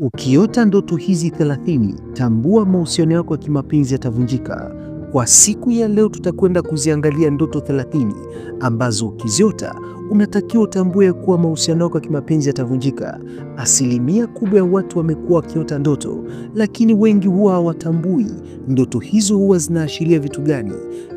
Ukiota ndoto hizi 30 tambua mahusiano yako ya kimapenzi yatavunjika. Kwa siku ya leo, tutakwenda kuziangalia ndoto 30 ambazo ukiziota unatakiwa utambue kuwa mahusiano yako ya kimapenzi yatavunjika. Asilimia kubwa ya watu wamekuwa wakiota ndoto, lakini wengi huwa hawatambui ndoto hizo huwa zinaashiria vitu gani.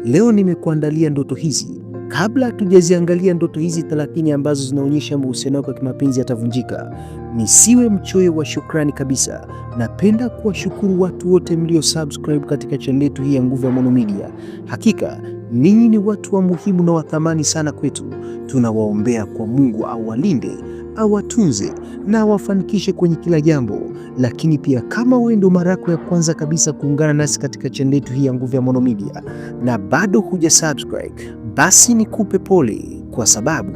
Leo nimekuandalia ndoto hizi Kabla hatujaziangalia ndoto hizi 30 ambazo zinaonyesha mahusiano yako ya kimapenzi yatavunjika, Nisiwe mchoyo wa shukrani kabisa. Napenda kuwashukuru watu wote mlio subscribe katika channel yetu hii ya Nguvu ya Maono Media. Hakika ninyi ni watu wa muhimu na wathamani sana kwetu. Tunawaombea kwa Mungu awalinde, awatunze na awafanikishe kwenye kila jambo. Lakini pia kama wewe ndio mara yako ya kwanza kabisa kuungana nasi katika channel yetu hii ya Nguvu ya Maono Media na bado huja subscribe, basi nikupe pole, kwa sababu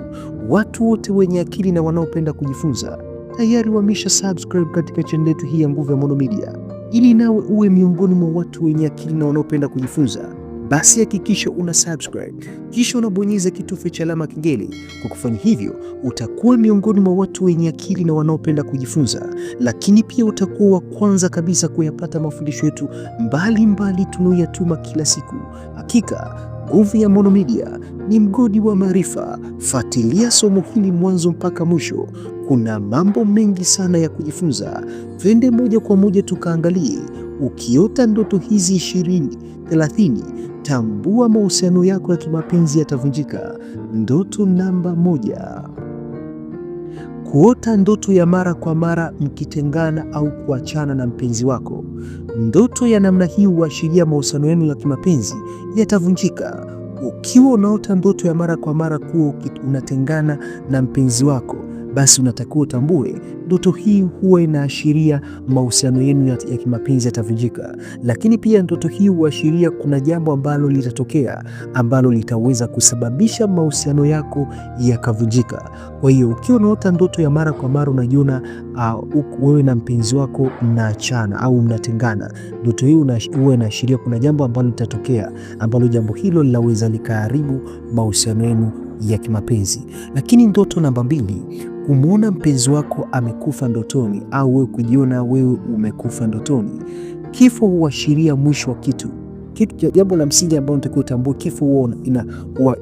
watu wote wenye akili na wanaopenda kujifunza tayari wamesha subscribe katika channel yetu hii ya Nguvu ya Maono Media. Ili nawe uwe miongoni mwa watu wenye akili na wanaopenda kujifunza, basi hakikisha una subscribe kisha unabonyeza kitufe cha alama kengele. Kwa kufanya hivyo, utakuwa miongoni mwa watu wenye akili na wanaopenda kujifunza, lakini pia utakuwa wa kwanza kabisa kuyapata mafundisho yetu mbalimbali tunayoyatuma kila siku. Hakika Nguvu ya monomedia ni mgodi wa maarifa. Fuatilia somo hili mwanzo mpaka mwisho, kuna mambo mengi sana ya kujifunza. Twende moja kwa moja tukaangalie. Ukiota ndoto hizi ishirini thelathini, tambua mahusiano yako ya kimapenzi yatavunjika. Ndoto namba moja: kuota ndoto ya mara kwa mara mkitengana au kuachana na mpenzi wako. Ndoto ya namna hii huashiria mahusiano yenu ya kimapenzi yatavunjika. Ukiwa unaota ndoto ya mara kwa mara kuwa unatengana na mpenzi wako, basi unatakiwa utambue ndoto hii huwa inaashiria mahusiano yenu ya, ya kimapenzi yatavunjika, lakini pia ndoto hii huashiria kuna jambo ambalo litatokea ambalo litaweza kusababisha mahusiano yako yakavunjika. Kwa hiyo ukiwa unaota ndoto ya mara kwa mara unajiona uh, wewe na mpenzi wako mnaachana au mnatengana, ndoto hii huwa inaashiria kuna jambo ambalo litatokea ambalo jambo hilo linaweza likaharibu mahusiano yenu ya kimapenzi. Lakini ndoto namba mbili kumwona mpenzi wako amekufa ndotoni au wewe kujiona wewe umekufa ndotoni. Kifo huashiria mwisho wa kitu kitu, jambo la msingi ambalo unatakiwa utambue, kifo huwa ina,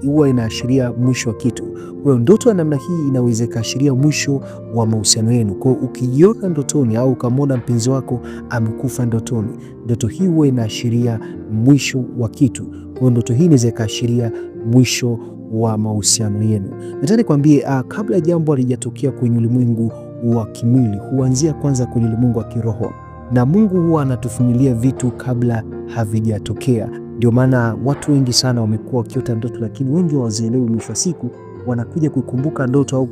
huwa inaashiria mwisho wa kitu. Kwa hiyo ndoto ya namna hii inaweza ikaashiria mwisho wa mahusiano yenu. Kwa hiyo ukijiona ndotoni au ukamwona mpenzi wako amekufa ndotoni, ndoto hii huwa inaashiria mwisho wa kitu. Kwa hiyo ndoto hii inaweza ikaashiria mwisho wa mahusiano yenu. Nataka nikwambie uh, kabla jambo halijatokea kwenye ulimwengu wa kimwili huanzia kwanza kwenye ulimwengu wa kiroho, na Mungu huwa anatufunulia vitu kabla havijatokea. Ndio maana watu wengi sana wamekuwa wakiota ndoto, lakini wengi hawazielewi. Mwisho wa siku wanakuja kuikumbuka ndoto au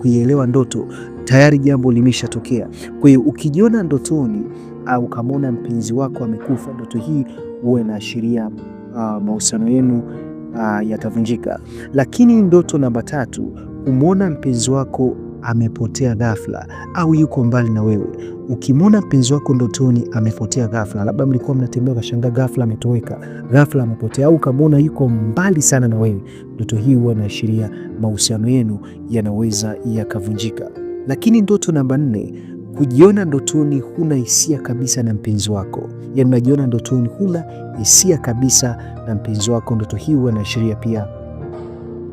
kuielewa ndoto, tayari jambo limeshatokea. Kwa hiyo ukijiona ndotoni au ah, ukamwona mpenzi wako amekufa, ndoto hii huwa inaashiria uh, mahusiano yenu uh, yatavunjika. Lakini ndoto namba tatu, kumwona mpenzi wako amepotea ghafla au yuko mbali na wewe. Ukimwona mpenzi wako ndotoni amepotea ghafla, labda mlikuwa mnatembea ukashangaa ghafla ametoweka, ghafla amepotea, au ukamwona yuko mbali sana na wewe, ndoto hii huwa inaashiria mahusiano yenu yanaweza yakavunjika. Lakini ndoto namba nne kujiona ndotoni huna hisia kabisa na mpenzi wako, yaani unajiona ndotoni huna hisia kabisa na mpenzi wako. Ndoto hii huwa inaashiria pia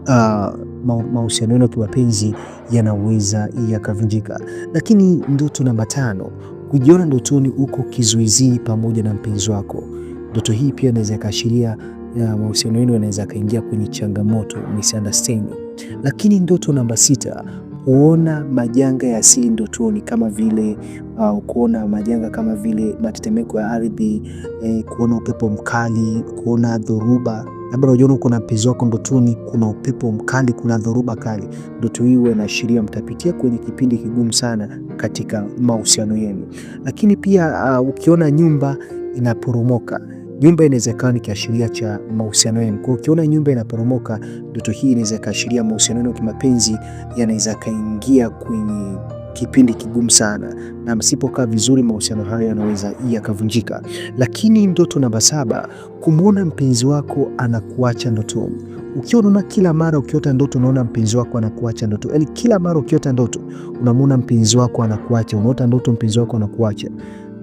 uh, mahusiano yenu ya kimapenzi yanaweza yakavunjika. Lakini ndoto namba tano, kujiona ndotoni uko kizuizii pamoja na mpenzi wako. Ndoto hii pia inaweza ikaashiria mahusiano yenu yanaweza kaingia kwenye changamoto, misunderstanding. Lakini ndoto namba sita, huona majanga ya si ndotoni kama vile uh, kuona majanga kama vile matetemeko ya ardhi eh, kuona upepo mkali, kuona dhoruba. Labda unajiona uko na mpenzi wako ndotoni, kuna upepo mkali, kuna dhoruba kali. Ndoto hii huwa inaashiria mtapitia kwenye kipindi kigumu sana katika mahusiano yenu. Lakini pia uh, ukiona nyumba inaporomoka Nyumba inaweza ikawa ni kiashiria cha mahusiano yenu. Kwa ukiona nyumba inaporomoka, ndoto hii inaweza kaashiria mahusiano yenu kimapenzi yanaweza kaingia kwenye kipindi kigumu sana, na msipokaa vizuri, mahusiano hayo yanaweza yakavunjika. Lakini ndoto namba saba, kumwona mpenzi wako anakuacha ndotoni. Ukiwa unaona kila mara ukiota ndoto unaona mpenzi wako anakuacha ndoto, yaani kila mara ukiota ndoto unamwona mpenzi wako anakuacha, unaota ndoto mpenzi wako anakuacha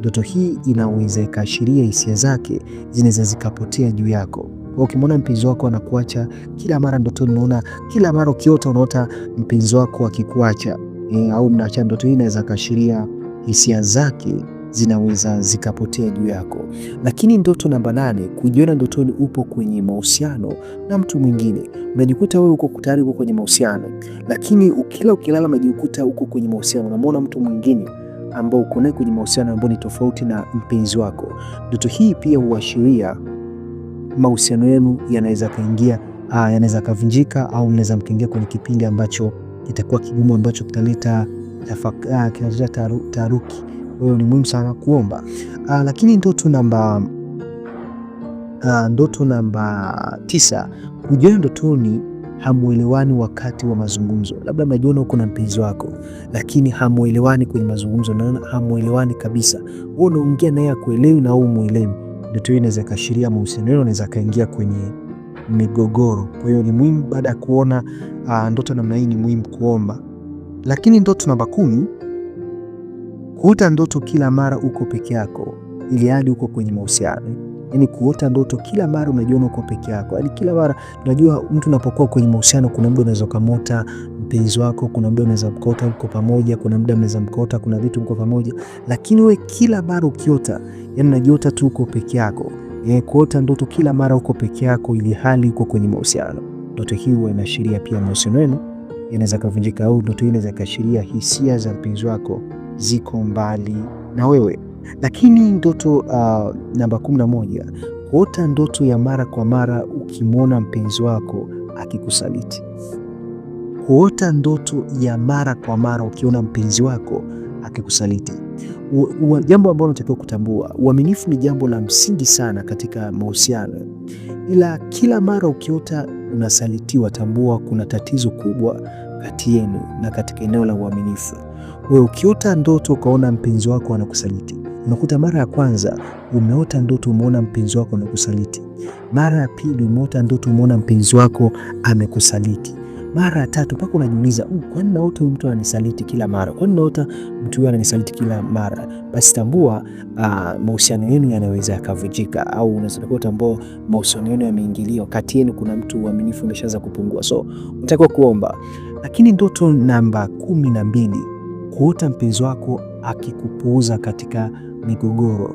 ndoto hii inaweza ikaashiria hisia zake zinaweza zikapotea juu yako. Ukimwona mpenzi wako anakuacha kila mara ndotoni, unaona kila mara ukiota unaota mpenzi wako akikuacha e, au mnaacha, ndoto hii inaweza kaashiria hisia zake zinaweza zikapotea juu yako. Lakini ndoto namba nane, kujiona ndotoni upo kwenye mahusiano na mtu mwingine. Unajikuta wewe uko tayari uko kwenye mahusiano, lakini kila ukilala unajikuta uko kwenye mahusiano, unamwona mtu mwingine ambao uko naye kwenye mahusiano ambayo ni tofauti na mpenzi wako. Ndoto hii pia huashiria mahusiano yenu yanaweza kaingia, ah, yanaweza kavunjika, au mnaweza mkaingia kwenye kipindi ambacho kitakuwa kigumu, ambacho kitaleta ah, kinaleta taharuki. hiyo ni muhimu sana kuomba. Aa, ah, lakini ndoto namba ndoto namba tisa, kujiona ndotoni hamwelewani wakati wa mazungumzo. Labda unajiona uko na mpenzi wako, lakini hamwelewani kwenye mazungumzo, naona hamwelewani kabisa. Wewe unaongea naye akuelewi na wewe umuelewi, ndoto hiyo inaweza kashiria mahusiano yenu, inaweza kaingia kwenye migogoro. Kwa hiyo ni muhimu baada ya kuona uh, ndoto namna hii ni muhimu kuomba. Lakini ndoto namba kumi, kuota ndoto kila mara uko peke yako, ili hadi uko kwenye mahusiano yani kuota ndoto kila mara unajiona uko peke yako, yani kila mara unajua, mtu unapokuwa kwenye mahusiano, kuna muda unaweza ukamota mpenzi wako, kuna muda unaweza mkota uko pamoja, kuna muda unaweza mkota, kuna vitu mko pamoja, lakini we kila mara ukiota, yani unajiota tu uko peke yako. E, kuota ndoto kila mara uko peke yako, ili hali uko kwenye mahusiano. Ndoto hii huwa inaashiria pia mahusiano yenu inaweza kuvunjika, au ndoto hii inaweza kuashiria hisia za mpenzi wako ziko mbali na wewe. Lakini ndoto uh, namba moja, kuota ndoto ya mara kwa mara ukimwona mpenzi wako akikusaliti. Kuota ndoto ya mara kwa mara ukiona mpenzi wako akikusaliti. Jambo ambalo unatakiwa kutambua, uaminifu ni jambo la msingi sana katika mahusiano, ila kila mara ukiota unasalitiwa, tambua kuna tatizo kubwa kati yenu na katika eneo la uaminifu. We ukiota ndoto ukaona mpenzi wako anakusaliti, unakuta mara ya kwanza umeota ndoto umeona mpenzi wako anakusaliti, mara ya pili umeota ndoto umeona mpenzi wako amekusaliti, mara ya tatu mpaka unajiuliza, hmm, kwani naota mtu ananisaliti kila mara? Kwani naota mtu huyu ananisaliti kila mara? Basi tambua uh, mahusiano yenu yanaweza yakavujika, au unaweza kuwa kutambua mahusiano yenu yameingiliwa, kati yenu kuna mtu uaminifu umeshaanza kupungua, so unatakiwa kuomba. Lakini ndoto namba kumi na mbili kuota mpenzi wako akikupuuza katika migogoro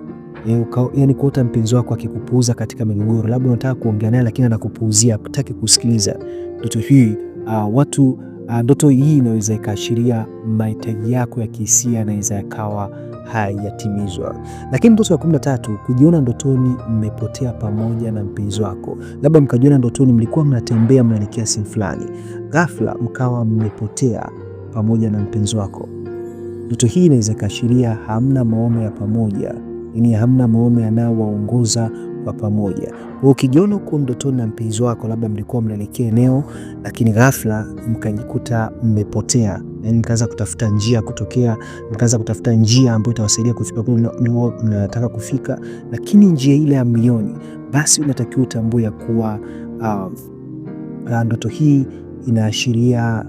e, yani kuota mpenzi wako akikupuuza katika migogoro, labda unataka kuongea naye lakini anakupuuzia, hataki kusikiliza. Ndoto hii uh, watu uh, ndoto hii inaweza ikaashiria mahitaji yako ya kihisia anaweza yakawa hayatimizwa. Lakini ndoto ya kumi na tatu, kujiona ndotoni mmepotea pamoja na mpenzi wako. Labda mkajiona ndotoni mlikuwa mnatembea mnaelekea sehemu fulani, ghafla mkawa mmepotea pamoja na mpenzi wako. Ndoto hii inaweza kaashiria hamna maono ya pamoja, yaani hamna maono yanayowaongoza kwa pamoja. Kwa ukijiona huko ndotoni na mpenzi wako, labda mlikuwa mnaelekea eneo, lakini ghafla mkajikuta mmepotea, yaani mkaanza kutafuta njia kutokea, mkaanza kutafuta njia ambayo itawasaidia kufika kule mnataka kufika, lakini njia ile ya milioni, basi unatakiwa utambue ya kuwa um, uh, ndoto hii inaashiria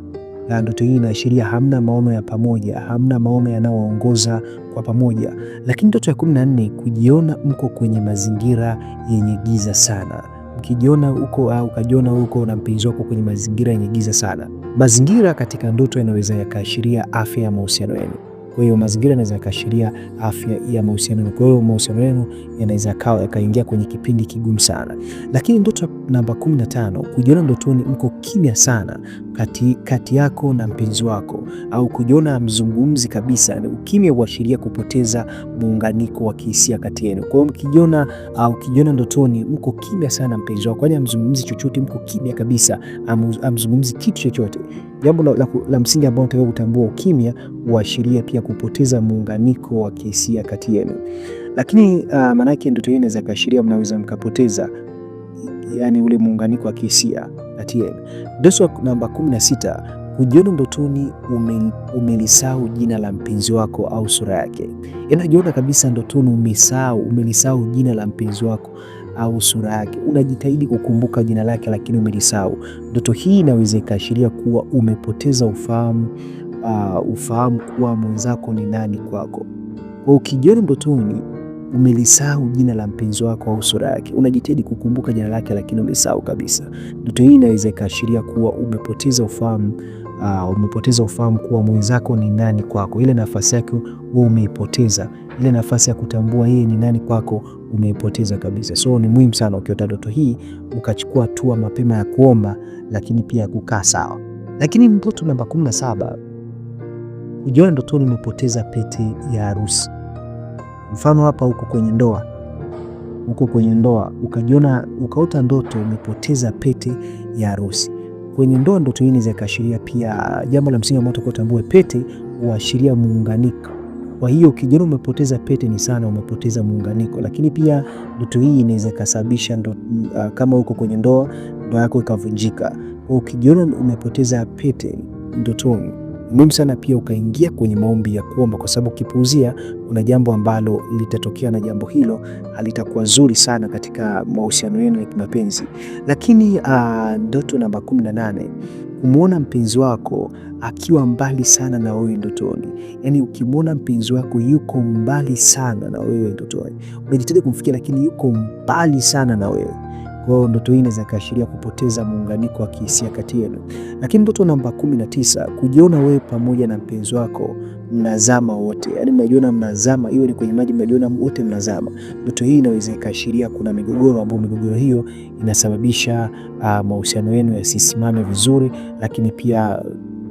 na ndoto hii inaashiria hamna maono ya pamoja, hamna maono yanayoongoza kwa pamoja. Lakini ndoto ya kumi na nne, kujiona mko kwenye mazingira yenye giza sana Ukijiona huko au ukajiona huko na mpenzi wako kwenye mazingira yenye giza sana. Mazingira katika ndoto yanaweza yakaashiria afya ya mahusiano yenu. Kwa hiyo mazingira yanaweza yakaashiria afya ya mahusiano yenu. Kwa hiyo mahusiano yenu yanaweza yakaingia kwenye kipindi kigumu sana. Lakini ndoto namba 15, kujiona ndotoni mko kimya sana kati, kati yako na mpenzi wako au kujiona mzungumzi kabisa. Ukimya huashiria kupoteza muunganiko wa kihisia kati yenu. Kwa hiyo mkijiona au kijiona ndotoni mko kimya sana mpenzi wako, kwani hamzungumzi chochote, mko kimya kabisa, amzungumzi kitu chochote Jambo la, la, la msingi ambao unatakiwa kutambua, ukimya huashiria pia kupoteza muunganiko wa kihisia kati yenu, lakini uh, maana yake ndoto hiyo inaweza kaashiria mnaweza mkapoteza yani ule muunganiko wa kihisia kati yenu. Doso namba sita Hujiona ndotoni umelisahau jina la mpenzi wako au sura yake. inajiona yaani kabisa ndotoni umelisahau jina la mpenzi wako au sura yake, unajitahidi kukumbuka jina lake, lakini umelisahau. Ndoto hii inaweza ikaashiria kuwa umepoteza ufahamu, uh, ufahamu kuwa mwenzako ni nani kwako. Kwa ukijiona ndotoni umelisahau jina la mpenzi wako au sura yake, unajitahidi kukumbuka jina lake, lakini umesahau kabisa. Ndoto hii inaweza ikaashiria kuwa umepoteza ufahamu uh, umepoteza ufahamu kuwa mwenzako ni nani kwako. Ile nafasi yake wewe umeipoteza, ile nafasi ya kutambua yeye ni nani kwako umeipoteza kabisa. So ni muhimu sana ukiota ndoto hii ukachukua hatua mapema ya kuomba, lakini pia kukaa sawa. Lakini ndoto namba 17, ujiona ndotoni umepoteza pete ya harusi. Mfano hapa huko kwenye ndoa huko kwenye ndoa ukajiona ukaota ndoto umepoteza pete ya harusi. Kwenye ndoa ndoto hii zikaashiria pia jambo la msingi ambalo tutakotambua, pete huashiria muunganiko. Kwa hiyo ukijiona umepoteza pete ni sana, umepoteza muunganiko. Lakini pia ndoto hii inaweza kusababisha uh, kama uko kwenye ndoa ndoa yako ikavunjika, ukijiona umepoteza pete ndotoni muhimu sana pia ukaingia kwenye maombi ya kuomba, kwa sababu ukipuuzia, kuna jambo ambalo litatokea na jambo hilo halitakuwa zuri sana katika mahusiano yenu ya kimapenzi. Lakini ah, ndoto namba kumi na nane kumwona mpenzi wako akiwa mbali sana na wewe ndotoni. yani ukimwona mpenzi wako yuko mbali sana na wewe ndotoni, umejitahidi kumfikia, lakini yuko mbali sana na wewe kwa hiyo ndoto hii inaweza ikaashiria kupoteza muunganiko wa kihisia kati yenu. Lakini ndoto namba kumi na tisa, kujiona wewe pamoja na mpenzi wako mnazama wote, yaani mmejiona mnazama, iwe ni kwenye maji, mmejiona wote mnazama. Ndoto hii inaweza ikaashiria kuna migogoro ambayo migogoro hiyo inasababisha uh, mahusiano yenu yasisimame vizuri, lakini pia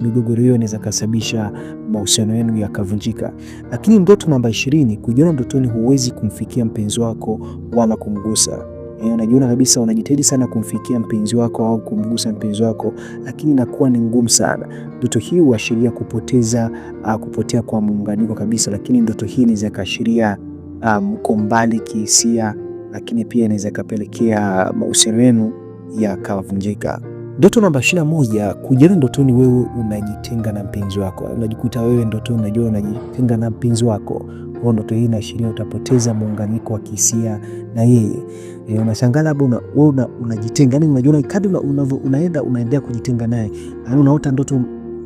migogoro hiyo inaweza kasababisha mahusiano yenu yakavunjika. Lakini ndoto namba ishirini, kujiona ndotoni huwezi kumfikia mpenzi wako wala kumgusa E, eh, unajiona kabisa unajitahidi sana kumfikia mpenzi wako au kumgusa mpenzi wako, lakini inakuwa ni ngumu sana. Ndoto hii huashiria kupoteza, uh, kupotea kwa muunganiko kabisa, lakini ndoto hii inaweza kaashiria ah, mko um, mbali kihisia, lakini pia inaweza kapelekea mahusiano yenu yakavunjika. Ndoto namba ishirini na moja kujana ndotoni wewe unajitenga na mpenzi wako, unajikuta wewe ndotoni unajua unajitenga na mpenzi wako kwa ndoto hii inaashiria utapoteza muunganiko wa kihisia na yeye. E, unashangaa labda una, una, unajitenga yani, unajiona kadri unavyo unaenda unaendelea kujitenga naye, yani unaota ndoto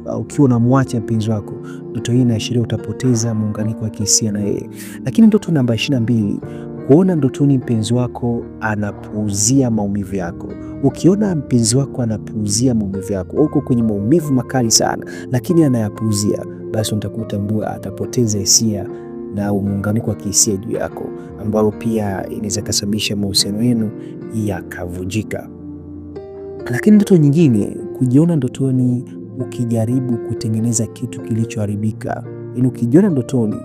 uh, ukiwa unamwacha mpenzi wako. Ndoto hii inaashiria utapoteza muunganiko wa kihisia na yeye. Lakini ndoto namba na mbili kuona ndotoni mpenzi wako anapuuzia maumivu yako. Ukiona mpenzi wako anapuuzia maumivu yako, uko kwenye maumivu makali sana, lakini anayapuuzia, basi utakutambua atapoteza hisia na muunganiko wa kihisia juu yako, ambayo pia inaweza ikasababisha mahusiano yenu yakavunjika. Lakini ndoto nyingine, kujiona ndotoni ukijaribu kutengeneza kitu kilichoharibika. Yaani ukijiona ndotoni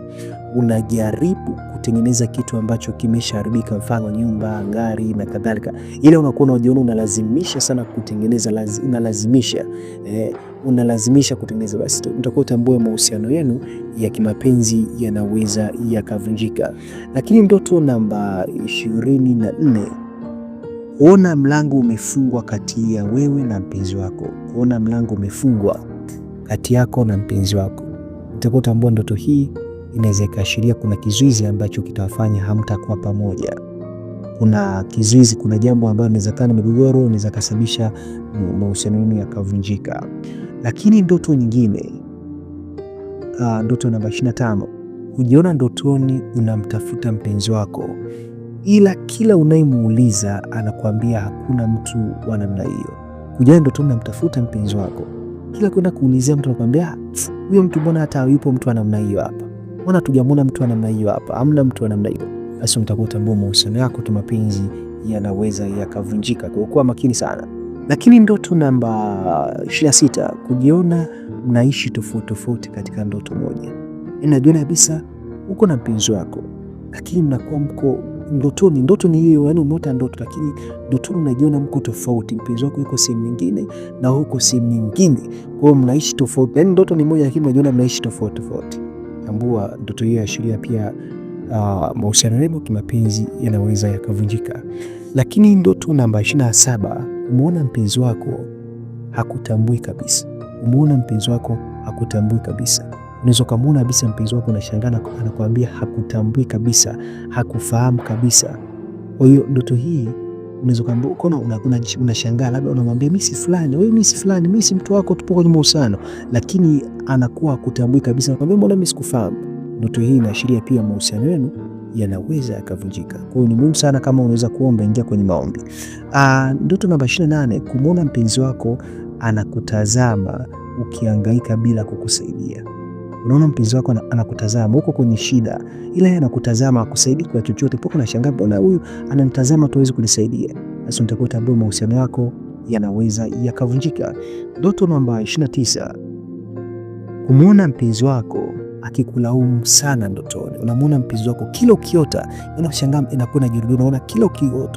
unajaribu kutengeneza kitu ambacho kimeshaharibika, mfano nyumba, gari na kadhalika, ila unakuwa unajiona unalazimisha sana kutengeneza, unalazimisha eh, unalazimisha kutengeza, basi utakuwa utambue mahusiano yenu ya kimapenzi yanaweza yakavunjika. Lakini ndoto namba ishirini na nne kuona mlango umefungwa kati ya wewe na mpenzi wako. Huona mlango umefungwa kati yako na mpenzi wako, utakuwa utambua ndoto hii inaweza ikaashiria kuna kizuizi ambacho kitawafanya hamtakuwa pamoja. Kuna kizuizi, kuna jambo ambalo inawezekana migogoro inaweza kasababisha mahusiano yenu yakavunjika. Lakini ndoto nyingine, uh, ndoto namba 25, hujiona ndotoni unamtafuta mpenzi wako, ila kila unayemuuliza anakuambia hakuna mtu wa namna hiyo. Hujiona ndotoni unamtafuta mpenzi wako, kila kwenda kuulizia mtu anakuambia huyo mtu, mbona hata yupo mtu wa namna hiyo hapa, mbona hatujamwona mtu wa namna hiyo hapa, amna mtu wa namna hiyo. Basi utakuwa utambua mahusiano yako tu mapenzi yanaweza yakavunjika. Kwa kuwa makini sana lakini ndoto namba 26, kujiona mnaishi tofauti tofauti katika ndoto moja. Inajua yaani kabisa uko na mpenzi wako, lakini mnakuwa mko ndotoni, ndoto ni hiyo, yani umeota ndoto, lakini ndotoni unajiona mko tofauti, mpenzi wako yuko sehemu nyingine na uko sehemu nyingine, kwa hiyo mnaishi tofauti, Yani ndoto ni moja, lakini unajiona mnaishi tofauti tofauti. Tambua ndoto hiyo yaashiria pia uh, mahusiano yenu kimapenzi yanaweza yakavunjika. Lakini ndoto namba 27 umeona mpenzi wako hakutambui kabisa, umeona mpenzi wako hakutambui kabisa. Unaweza ukamwona kabisa mpenzi wako, unashangaa anakuambia hakutambui kabisa, hakufahamu kabisa. Kwa hiyo ndoto hii unaweza ukaambia unashangaa, labda unamwambia mimi si fulani, wewe mimi si fulani, mimi si mtu wako, tupo kwenye mahusiano, lakini anakuwa hakutambui kabisa, anakuambia mbona mimi sikufahamu. Ndoto hii inaashiria pia mahusiano yenu yanaweza yakavunjika. Kwa hiyo ni muhimu sana, kama unaweza kuomba, ingia kwenye maombi. Ah, Ndoto namba nane, kumwona mpenzi wako anakutazama ukiangaika bila kukusaidia. Unaona mpenzi wako anakutazama huko kwenye shida, ila yeye anakutazama, akusaidii kwa chochote. Poko nashangaa, mbona huyu ananitazama tu, hawezi kunisaidia. Basi utakuta ambao mahusiano yako yanaweza yakavunjika. Ndoto namba tisa, kumwona mpenzi wako akikulaumu sana ndotoni, unamwona mpenzi wako kila ukiota, unashangaa inakuwa inajirudia. Unaona kila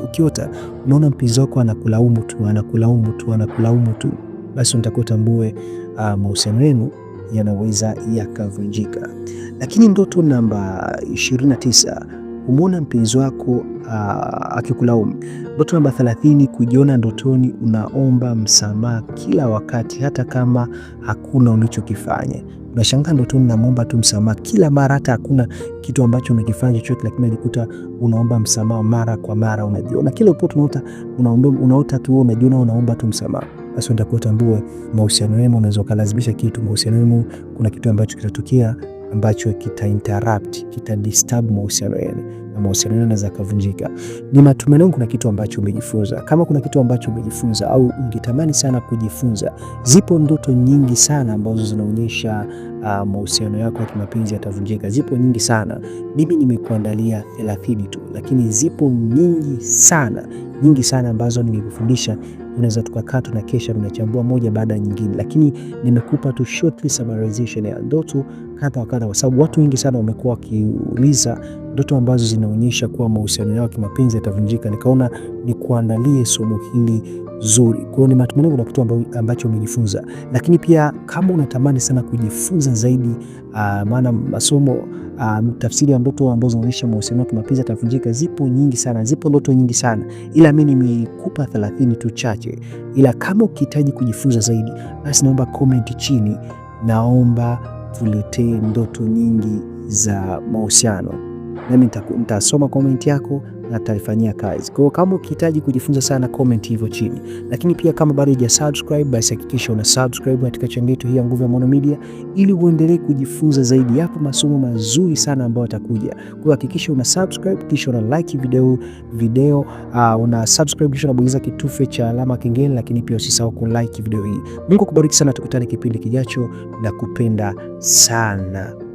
ukiota, unaona mpenzi wako anakulaumu tu, anakulaumu tu, anakulaumu tu, basi unatakiwa utambue uh, mahusiano yenu yanaweza yakavunjika. Lakini ndoto namba 29 umwona mpenzi wako uh, akikulaumu. Ndoto namba 30 kujiona ndotoni unaomba msamaha kila wakati, hata kama hakuna ulichokifanya. Unashangaa ndo tu namwomba tu msamaha kila mara, hata hakuna kitu ambacho unakifanya chochote, lakini unajikuta unaomba msamaha mara kwa mara. Unajiona kila upo tunaota, unaota tu unajiona unaomba tu msamaha. Basi unataka utambue mahusiano yenu, unaweza ukalazimisha kitu mahusiano yenu, kuna kitu ambacho kitatokea ambacho kita interrupt, kita disturb mahusiano yenu na mahusiano yenu yanaweza kuvunjika. Ni matumaini kuna kitu ambacho umejifunza. Kama kuna kitu ambacho umejifunza au ungetamani sana kujifunza, zipo ndoto nyingi sana ambazo zinaonyesha uh, mahusiano yako ya kimapenzi yatavunjika. Zipo nyingi sana. Mimi nimekuandalia 30 tu, lakini zipo nyingi sana, nyingi sana ambazo ningekufundisha unaweza tukakaa tuna kesha tunachambua moja baada ya nyingine, lakini nimekupa tu shortly summarization ya ndoto kadha wa kadha, kwa sababu watu wengi sana wamekuwa wakiuliza ndoto ambazo zinaonyesha kuwa mahusiano yao kimapenzi yatavunjika. Nikaona nikuandalie somo hili zuri. Kwa hiyo ni matumaini kuna kitu ambacho umejifunza, lakini pia kama unatamani sana kujifunza zaidi, uh, maana masomo uh, tafsiri ya ndoto ambazo zinaonyesha mahusiano yetu mapenzi yatavunjika zipo nyingi sana, zipo ndoto nyingi sana ila mimi nimekupa 30 tu chache, ila kama ukihitaji kujifunza zaidi, basi naomba comment chini, naomba tuletee ndoto nyingi za mahusiano, nami nitasoma comment yako atalifanyia kazi. Kwa hiyo kama ukihitaji kujifunza sana, comment hivyo chini, lakini pia kama bado subscribe, basi hakikisha una subscribe katika chaneli yetu hii ya Nguvu ya Maono Media ili uendelee kujifunza zaidi. Yapo masomo mazuri sana ambayo yatakuja. Kwa hiyo hakikisha una subscribe kisha una like video video, uh, una subscribe kisha unabonyeza kitufe cha alama kengele, lakini pia usisahau ku like video hii. Mungu akubariki sana, tukutane kipindi kijacho na kupenda sana.